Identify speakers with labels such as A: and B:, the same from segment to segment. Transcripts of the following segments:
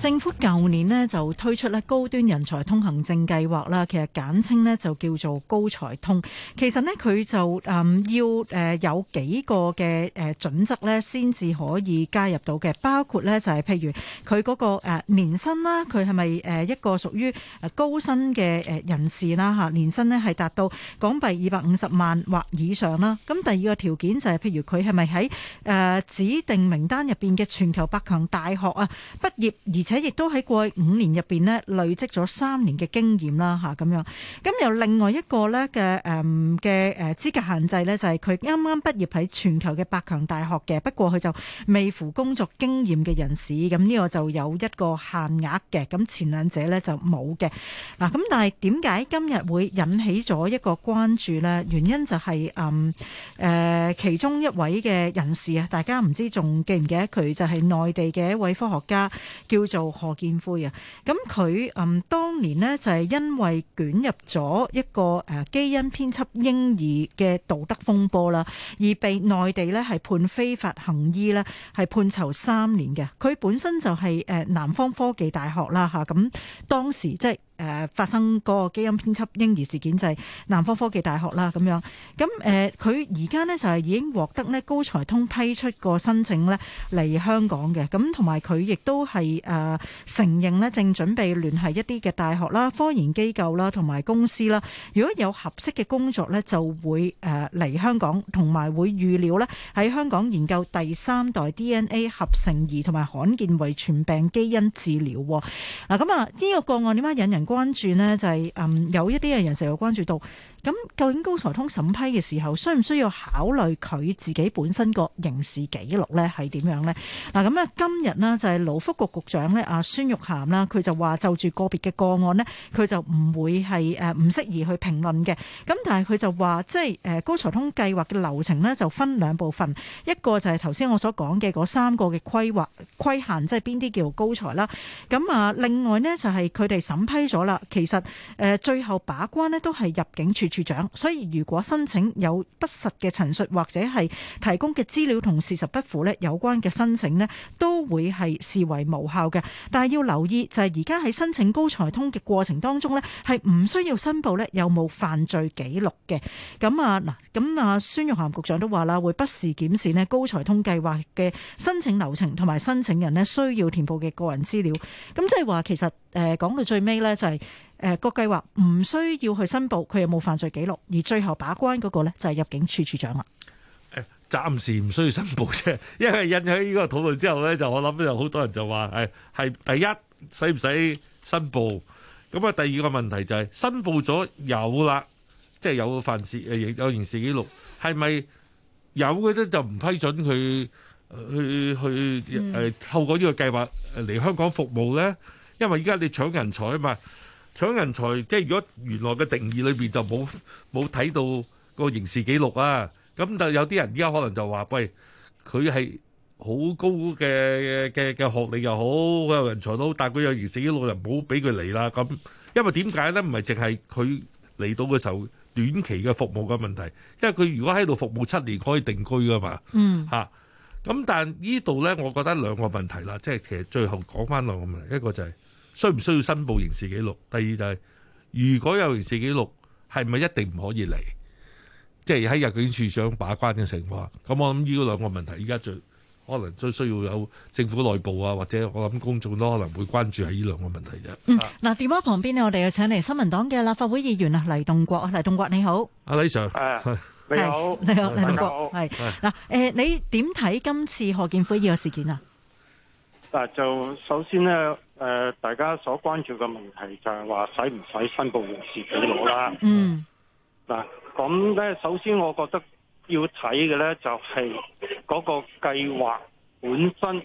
A: 政府舊年呢就推出呢高端人才通行證計劃啦，其實簡稱呢就叫做高才通。其實呢，佢就誒、嗯、要誒有幾個嘅誒準則呢先至可以加入到嘅，包括呢就係、是、譬如佢嗰個年薪啦，佢係咪誒一個屬於誒高薪嘅誒人士啦？嚇，年薪呢係達到港幣二百五十萬或以上啦。咁第二個條件就係、是、譬如佢係咪喺誒指定名單入邊嘅全球百強大學啊畢業而而且亦都喺過去五年入邊咧累積咗三年嘅經驗啦吓，咁樣咁有、嗯、另外一個咧嘅誒嘅誒資格限制咧，就係佢啱啱畢業喺全球嘅百強大學嘅。不過佢就未符工作經驗嘅人士。咁、嗯、呢、呢個就有一個限額嘅。咁、嗯、前兩者咧就冇嘅。嗱、啊、咁但係點解今日會引起咗一個關注咧？原因就係誒誒其中一位嘅人士啊，大家唔知仲記唔記得佢就係內地嘅一位科學家叫做。賀建奎啊？咁佢嗯當年呢，就係因為捲入咗一個誒基因編輯嬰兒嘅道德風波啦，而被內地呢，係判非法行醫呢係判囚三年嘅。佢本身就係誒南方科技大學啦吓，咁當時即係。誒發生個基因編輯嬰兒事件就係、是、南方科，科技大學啦咁樣，咁誒佢而家呢就係、是、已經獲得咧高才通批出個申請咧嚟香港嘅，咁同埋佢亦都係誒承認咧正準備聯繫一啲嘅大學啦、科研機構啦同埋公司啦，如果有合適嘅工作呢，就會誒嚟香港，同埋會預料呢，喺香港研究第三代 DNA 合成儀同埋罕見遺傳病基因治療。嗱咁啊呢、啊這個個案點解引人？關注咧就係，嗯，有一啲嘅人成日關注到。咁究竟高才通審批嘅時候，需唔需要考慮佢自己本身個刑事記錄呢係點樣呢？嗱，咁今日呢就係勞福局局長呢阿孫玉菡啦，佢就話就住個別嘅個案呢佢就唔會係誒唔適宜去評論嘅。咁但係佢就話即係誒高才通計劃嘅流程呢就分兩部分，一個就係頭先我所講嘅嗰三個嘅規劃規限，即係邊啲叫高才啦。咁啊，另外呢，就係佢哋審批咗啦，其實誒最後把關呢都係入境處。處長，所以如果申請有不實嘅陳述或者係提供嘅資料同事實不符咧，有關嘅申請咧都會係視為無效嘅。但係要留意就係而家喺申請高才通嘅過程當中咧，係唔需要申報咧有冇犯罪記錄嘅。咁啊嗱，咁啊孫玉菡局長都話啦，會不時檢視咧高才通計劃嘅申請流程同埋申請人咧需要填報嘅個人資料。咁即係話其實誒講、呃、到最尾呢就係、是。誒、呃那個計劃唔需要去申報，佢有冇犯罪記錄？而最後把關嗰個咧就係、是、入境處處長啦。
B: 誒，暫時唔需要申報啫，因為引起呢個討論之後咧，就我諗就好多人就話誒係第一，使唔使申報？咁啊，第二個問題就係、是、申報咗有啦，即、就、係、是、有犯事誒，有刑事記錄係咪有嘅咧，就唔批准佢去去誒透過呢個計劃嚟香港服務咧？因為依家你搶人才啊嘛。搶人才，即係如果原來嘅定義裏邊就冇冇睇到個刑事記錄啊，咁就有啲人依家可能就話：喂，佢係好高嘅嘅嘅學歷又好，佢有人才都好，但係佢有刑事記錄就他來，就唔好俾佢嚟啦。咁，因為點解咧？唔係淨係佢嚟到嘅時候短期嘅服務嘅問題，因為佢如果喺度服務七年可以定居噶嘛。嗯。嚇、啊，咁但係呢度咧，我覺得兩個問題啦，即係其實最後講翻兩個問題，一個就係、是。需唔需要申報刑事記錄？第二就係、是，如果有刑事記錄，係咪一定唔可以嚟？即係喺入境處想把關嘅情況。咁我諗呢兩個問題現在，依家最可能最需要有政府內部啊，或者我諗公眾都可能會關注喺呢兩個問題啫。嗯，
A: 嗱，電話旁邊我哋要請嚟新民黨嘅立法會議員啊，黎棟國，黎棟國你好。
B: 阿黎 Sir，誒，你好，你好，黎棟國，係
A: 嗱，誒，你點睇今次何建輝呢個事件啊？
C: 嗱，就首先咧，誒、呃，大家所關注嘅問題就係話使唔使申報刑事紀錄啦？嗯。嗱、啊，咁咧，首先我覺得要睇嘅咧，就係、是、嗰個計劃本身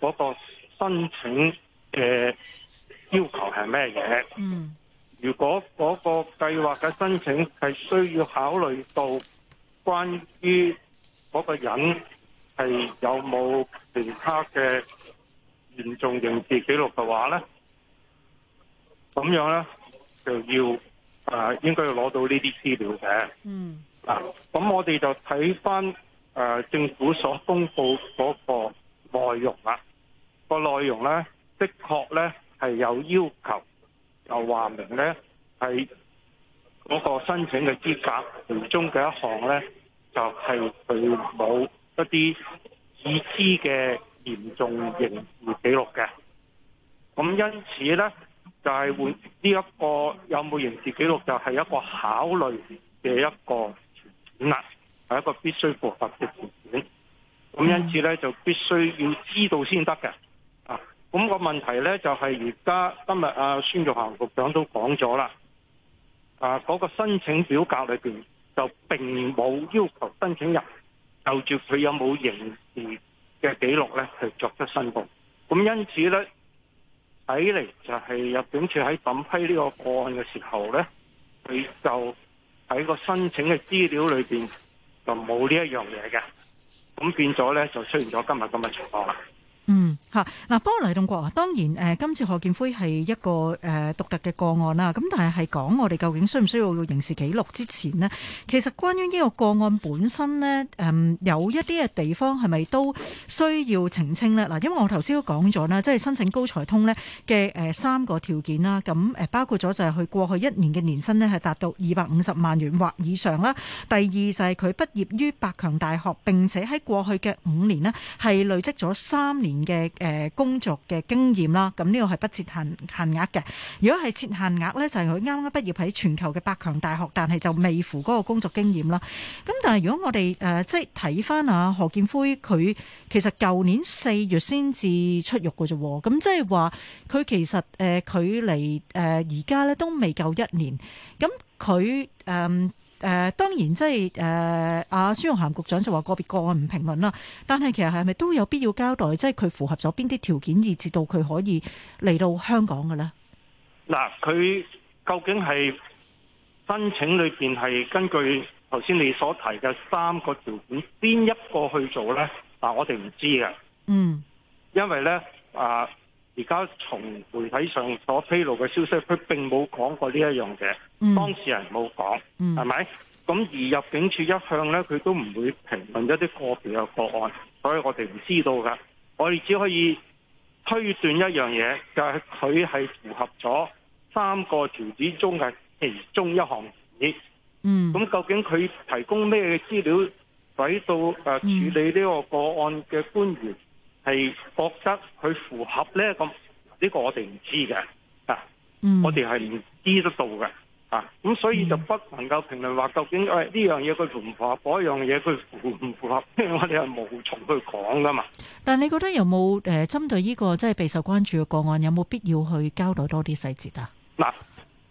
C: 嗰個申請嘅要求係咩嘢？嗯。如果嗰個計劃嘅申請係需要考慮到關於嗰個人係有冇其他嘅嚴重刑事紀錄嘅話咧，咁樣咧就要，呃，應該要 mm. 啊，應該要攞到呢啲資料嘅。嗯、呃。啊，咁我哋就睇翻，誒政府所公布嗰個內容啦。個內容咧的確咧係有要求，就話明咧係嗰個申請嘅資格其中嘅一項咧就係佢冇一啲已知嘅。嚴重刑事記錄嘅，咁因此呢，就係換呢一個有冇刑事記錄就係一個考慮嘅一個條件啦，係一個必須符合嘅條件。咁因此呢，就必須要知道先得嘅。啊，咁個問題呢，就係而家今日啊孫玉菡局長都講咗啦，啊嗰個申請表格裏邊就並冇要求申請人就住佢有冇刑事。嘅記錄咧，去作出申報。咁因此咧，睇嚟就係入境處喺審批呢個個案嘅時候咧，佢就喺個申請嘅資料裏面就冇呢一樣嘢嘅。咁變咗咧，就出現咗今日咁嘅情況啦。嗯。
A: 吓、啊、嗱，幫我黎棟國啊。當然誒、呃，今次何建輝係一個誒、呃、獨特嘅個案啦。咁但係係講我哋究竟需唔需要用刑事記錄之前呢？其實關於呢個個案本身呢，誒、呃、有一啲嘅地方係咪都需要澄清呢？嗱、啊，因為我頭先都講咗啦，即係申請高才通呢嘅、呃、三個條件啦。咁包括咗就係佢過去一年嘅年薪呢係達到二百五十萬元或以上啦。第二就係佢畢業於百強大學並且喺過去嘅五年呢係累積咗三年嘅。誒工作嘅經驗啦，咁呢個係不設限限額嘅。如果係設限額呢，就係佢啱啱畢業喺全球嘅百強大學，但係就未符嗰個工作經驗啦。咁但係如果我哋、呃、即係睇翻啊何建輝佢其實舊年四月先至出獄嘅啫，咁即係話佢其實誒、呃、距離而家呢都未夠一年，咁佢誒、呃、當然即係誒啊，孫玉菡局長就話個別個案唔評論啦。但係其實係咪都有必要交代，即係佢符合咗邊啲條件，以至到佢可以嚟到香港嘅咧？
C: 嗱，佢究竟係申請裏邊係根據頭先你所提嘅三個條件，邊一個去做咧？嗱、啊，我哋唔知嘅。嗯，因為咧啊。而家從媒體上所披露嘅消息，佢並冇講過呢一樣嘢，mm. 當事人冇講，係、mm. 咪？咁而入境處一向咧，佢都唔會評論一啲個別嘅個案，所以我哋唔知道㗎。我哋只可以推斷一樣嘢，就係佢係符合咗三個條件中嘅其中一項子。嗯，咁究竟佢提供咩資料，使到誒處理呢個個案嘅官員？係覺得佢符合咧，咁、這、呢個我哋唔知嘅啊，嗯、我哋係唔知得到嘅啊，咁所以就不能夠評論話究竟誒呢樣嘢佢符唔符合，嗰樣嘢佢符唔符合，呵呵我哋係無從去講噶嘛。
A: 但你覺得有冇誒、呃、針對呢、這個即係備受關注嘅個案，有冇必要去交代多啲細節啊？
C: 嗱、啊，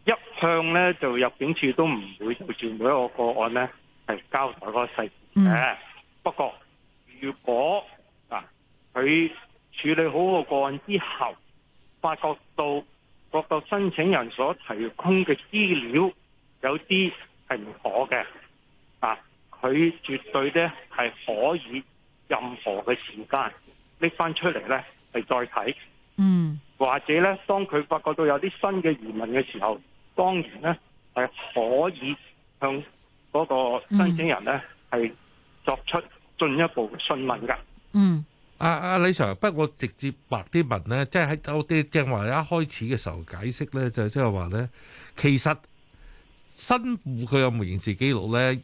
C: 一向咧就入境處都唔會就住每一個個案咧係交代個細
D: 節嘅、嗯，
C: 不過如果。佢處理好個個案之後，發覺到個個申請人所提供嘅資料有啲係唔妥嘅啊！佢絕對咧係可以任何嘅時間拎翻出嚟咧係再睇，
D: 嗯，
C: 或者咧當佢發覺到有啲新嘅疑問嘅時候，當然咧係可以向嗰個申請人咧係作出進一步嘅詢問㗎，嗯。
B: 阿、啊、阿、啊、李 Sir，不過我直接白啲文咧，即係喺我啲正話一開始嘅時候解釋咧，就即係話咧，其實新戶佢有冇刑事記錄咧，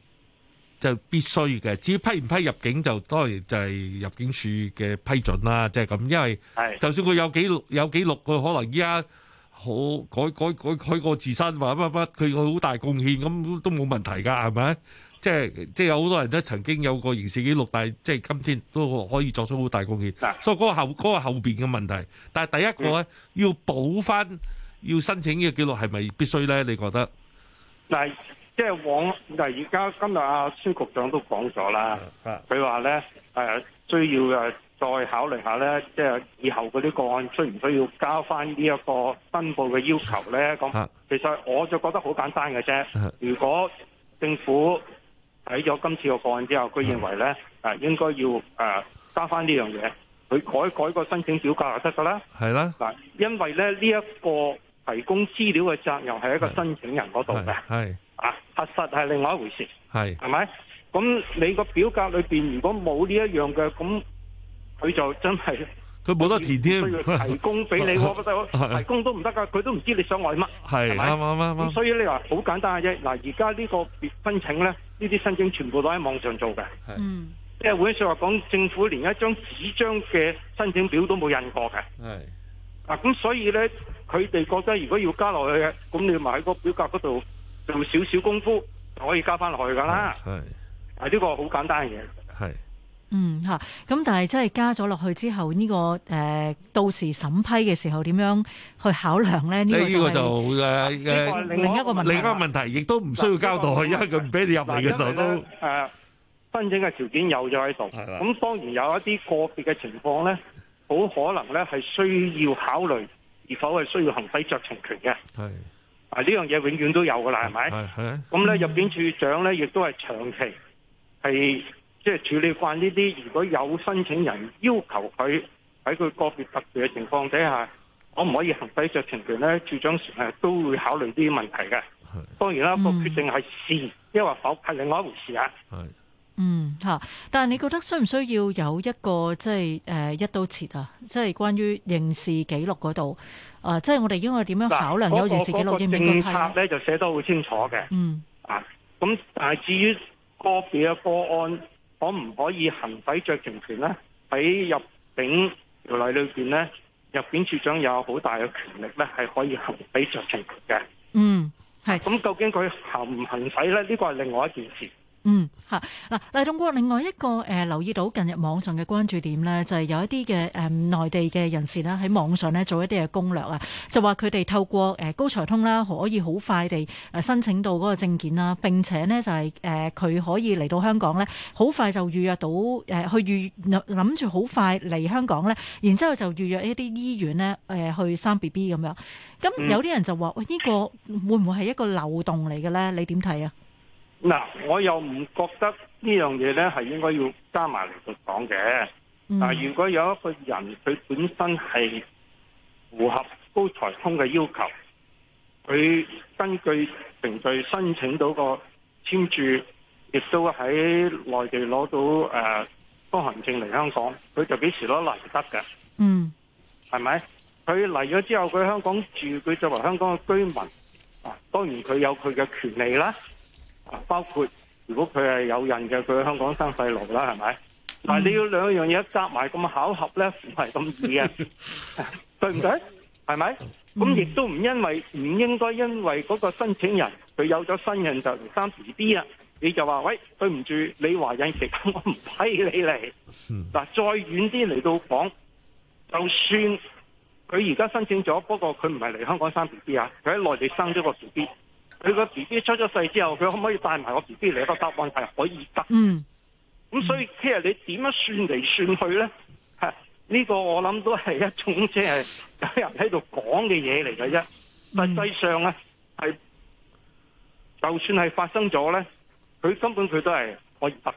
B: 就必須嘅。至於批唔批入境就，就當然就係入境處嘅批准啦。即係咁，因為就算佢有記錄有記錄，佢可能依家好改改改改個自身，話乜乜佢佢好大貢獻，咁都冇問題㗎，係咪？即係即係有好多人都曾經有過刑事記錄，但係即係今天都可以作出好大貢獻。啊、所以嗰個後嗰、個後邊嘅問題，但係第一個咧、嗯、要補翻，要申請呢個記錄係咪必須咧？你覺得？
C: 嗱、啊，即、就、係、是、往嗱，而家今日阿、啊、孫局長都講咗啦，佢話咧誒需要誒再考慮一下咧，即、就、係、是、以後嗰啲個案需唔需要交翻呢一個申報嘅要求咧？咁、啊啊、其實我就覺得好簡單嘅啫。如果政府睇咗今次個案之後，佢認為呢誒、啊、應該要誒、啊、加翻呢樣嘢，佢改改個申請表格就得噶啦，係啦，嗱，因為呢呢一個提供資料嘅責任係一個申請人嗰度嘅，係啊，核實係另外一回事，係係咪？咁你個表格裏面如果冇呢一樣嘅，咁佢就真係。佢冇得填添，提供俾你，我覺得提供都唔得㗎，佢都唔知你想為乜，
B: 係咪？咁所
C: 以你話好簡單嘅啫。嗱，而家呢個別申請咧，呢啲申請全部都喺網上做嘅。嗯，即係換句説話講，政府連一張紙張嘅申請表都冇印過嘅。係。啊，咁所以咧，佢哋覺得如果要加落去嘅，咁你咪喺個表格嗰度用少少功夫就可以加翻落去㗎啦。係。係呢、啊呢個好簡單嘅嘢。係。嗯吓，
A: 咁但係真係加咗落去之後呢、這個誒，到時審批嘅時候點樣去考量咧？呢、這個這
C: 個就誒、是呃，另一個問題亦、啊、都唔需要交代，這個、因為佢唔俾你入嚟嘅時候都誒，申請嘅條件有咗喺度。咁當然有一啲個別嘅情況咧，好可能咧係需要考慮，是否係需要行使酌情權嘅。係啊，呢樣嘢永遠都有㗎啦，係咪？係咁咧，入、嗯、境處長咧亦都係長期係。即係處理慣呢啲，如果有申請人要求佢喺佢個別特殊嘅情況底下，可唔可以行使酌情權咧？處長誒都會考慮啲問題嘅。係當然啦，嗯那個決定係是事，因或否係另外一回事啊。係
A: 嗯嚇，但係你覺得需唔需要有一個即係誒、呃、一刀切啊？即係關於刑事記錄嗰度啊，即係我哋應該點樣考量有刑事記錄應唔應該？那個那個、政策
C: 咧就寫得好清楚嘅。嗯啊咁，但係至於個別嘅個案。可唔可以行使酌情權呢？喺入境條例裏邊呢，入境處長有好大嘅權力呢，係可以行使酌情權嘅。嗯，係。咁究竟佢行唔行使呢？呢個係另外一件事。
A: 嗯吓，嗱、啊，黎棟國另外一個誒、呃，留意到近日網上嘅關注點咧，就係、是、有一啲嘅誒內地嘅人士啦，喺網上咧做一啲嘅攻略啊，就話佢哋透過誒、呃、高才通啦，可以好快地誒申請到嗰個證件啦，並且呢，就係誒佢可以嚟到香港咧，好快就預約到誒、呃、去預諗住好快嚟香港咧，然之後就預約一啲醫院咧誒、呃、去生 B B 咁樣，咁有啲人就話呢、嗯這個會唔會係一個漏洞嚟嘅咧？你點睇啊？
C: 嗱，我又唔覺得呢樣嘢呢係應該要加埋嚟講嘅。
D: 嗱、嗯，如
C: 果有一個人佢本身係符合高才通嘅要求，佢根據程序申請到個簽注，亦都喺內地攞到誒通行證嚟香港，佢就幾時攞嚟得嘅。嗯，係咪？佢嚟咗之後，佢香港住，佢作為香港嘅居民，啊，當然佢有佢嘅權利啦。包括如果佢係有孕嘅，佢喺香港生細路啦，係咪、嗯？但係你要兩樣嘢夾埋咁巧合咧，唔係咁易嘅、啊， 對唔對？係、嗯、咪？咁亦都唔因為唔應該因為嗰個申請人佢有咗身孕就生 B B 啊，你就話喂，對唔住，你懷孕期我唔批你嚟。嗱、嗯，再遠啲嚟到講，就算佢而家申請咗，不過佢唔係嚟香港生 B B 啊，佢喺內地生咗個 B B。佢個 B B 出咗世之後，佢可唔可以帶埋我 B B 嚟？個答案係可以得。嗯，咁所以其實你點樣算嚟算去咧？吓、啊、呢、呢個我諗都係一種即係有人喺度講嘅嘢嚟嘅啫。實際上咧、啊、係、嗯、就算係發生咗咧，佢根本佢都係可以得嘅。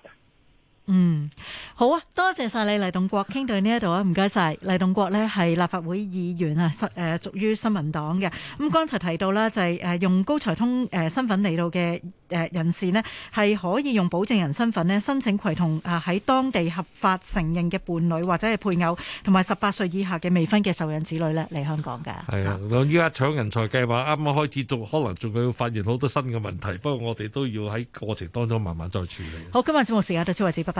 A: 嗯，好啊，多謝晒你黎棟國，傾到呢一度啊，唔該晒。黎棟國，國呢係立法會議員啊，誒，屬、呃、於新民黨嘅。咁、嗯、剛才提到啦，就係、是、誒、呃、用高才通誒、呃、身份嚟到嘅誒、呃、人士呢，係可以用保證人身份呢申請攜同啊喺當地合法承認嘅伴侶或者係配偶，同埋十八歲以下嘅未婚嘅受養子女呢嚟香港噶。
B: 係啊，咁依家搶人才計劃啱啱開始做，仲，可能仲要發現好多新嘅問題。不過我哋都
D: 要喺過程當中慢慢再處理。
A: 好，今日節目時間到此為止。拜拜。